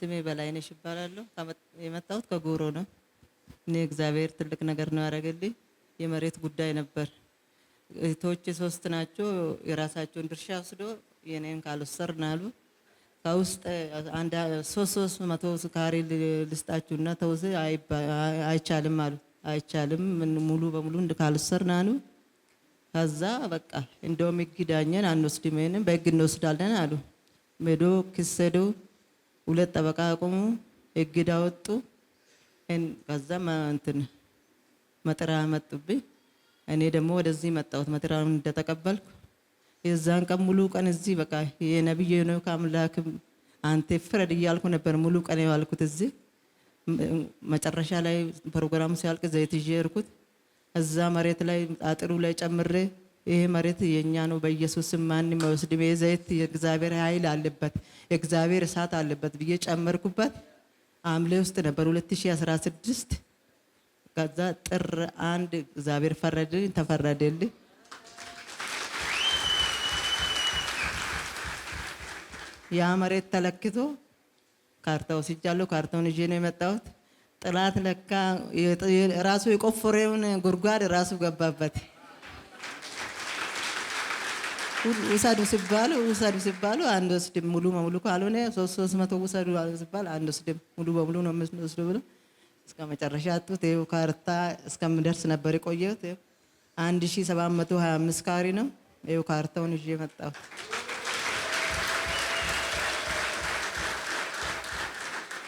ስሜ በላይነሽ ይባላለሁ። የመጣሁት ከጎሮ ነው። እኔ እግዚአብሔር ትልቅ ነገር ነው ያደረገልኝ። የመሬት ጉዳይ ነበር። እህቶቼ ሶስት ናቸው። የራሳቸውን ድርሻ ወስዶ የኔን ካልወሰርን አሉ። ከውስጥ ሶስት ሶስት መቶ ካሬ ልስጣችሁና ተውስ አይቻልም አሉ። አይቻልም ሙሉ በሙሉ ካልወሰርን አሉ። ከዛ በቃ እንደውም ህግ ዳኘን አንወስድም፣ በህግ እንወስዳለን አሉ። ሜዶ ክስ ሄዶ ሁለት ጠበቃ አቆሙ፣ እግድ አወጡ። ከዛ እንትን መጥራ መጡብኝ። እኔ ደግሞ ወደዚህ መጣሁት። መጥራውን እንደተቀበልኩ የዛን ቀን ሙሉ ቀን እዚህ በቃ የነብዩ ነው ከአምላክ አንተ ፍረድ እያልኩ ነበር ሙሉ ቀን የዋልኩት እዚህ። መጨረሻ ላይ ፕሮግራሙ ሲያልቅ ዘይት ይዤ እርኩት እዛ መሬት ላይ አጥሩ ላይ ጨምሬ ይህ መሬት የእኛ ነው፣ በኢየሱስም ማንም አይወስድም። ዘይት የእግዚአብሔር ኃይል አለበት፣ የእግዚአብሔር እሳት አለበት ብዬ ጨመርኩበት። ሐምሌ ውስጥ ነበር 2016 ከዛ ጥር አንድ እግዚአብሔር ፈረድልኝ፣ ተፈረደልኝ። ያ መሬት ተለክቶ ካርታ ወስጃለሁ። ካርታውን ይዤ ነው የመጣሁት። ጥላት ለካ ራሱ የቆፈረውን ጉድጓድ ራሱ ገባበት። ውሰዱ ሲባሉ ውሰዱ ሲባሉ አንድ ወስድም ሙሉ በሙሉ ካልሆነ ሶስት ሶስት መቶ ውሰዱ ሲባል አንድ ወስድም ሙሉ በሙሉ ነው የምንወስደው ብሎ እስከ መጨረሻ አጡት። ይኸው ካርታ እስከምደርስ ነበር የቆየሁት። አንድ ሺህ ሰባት መቶ ሀያ አምስት ካሪ ነው። ይኸው ካርታውን ይዤ መጣሁት።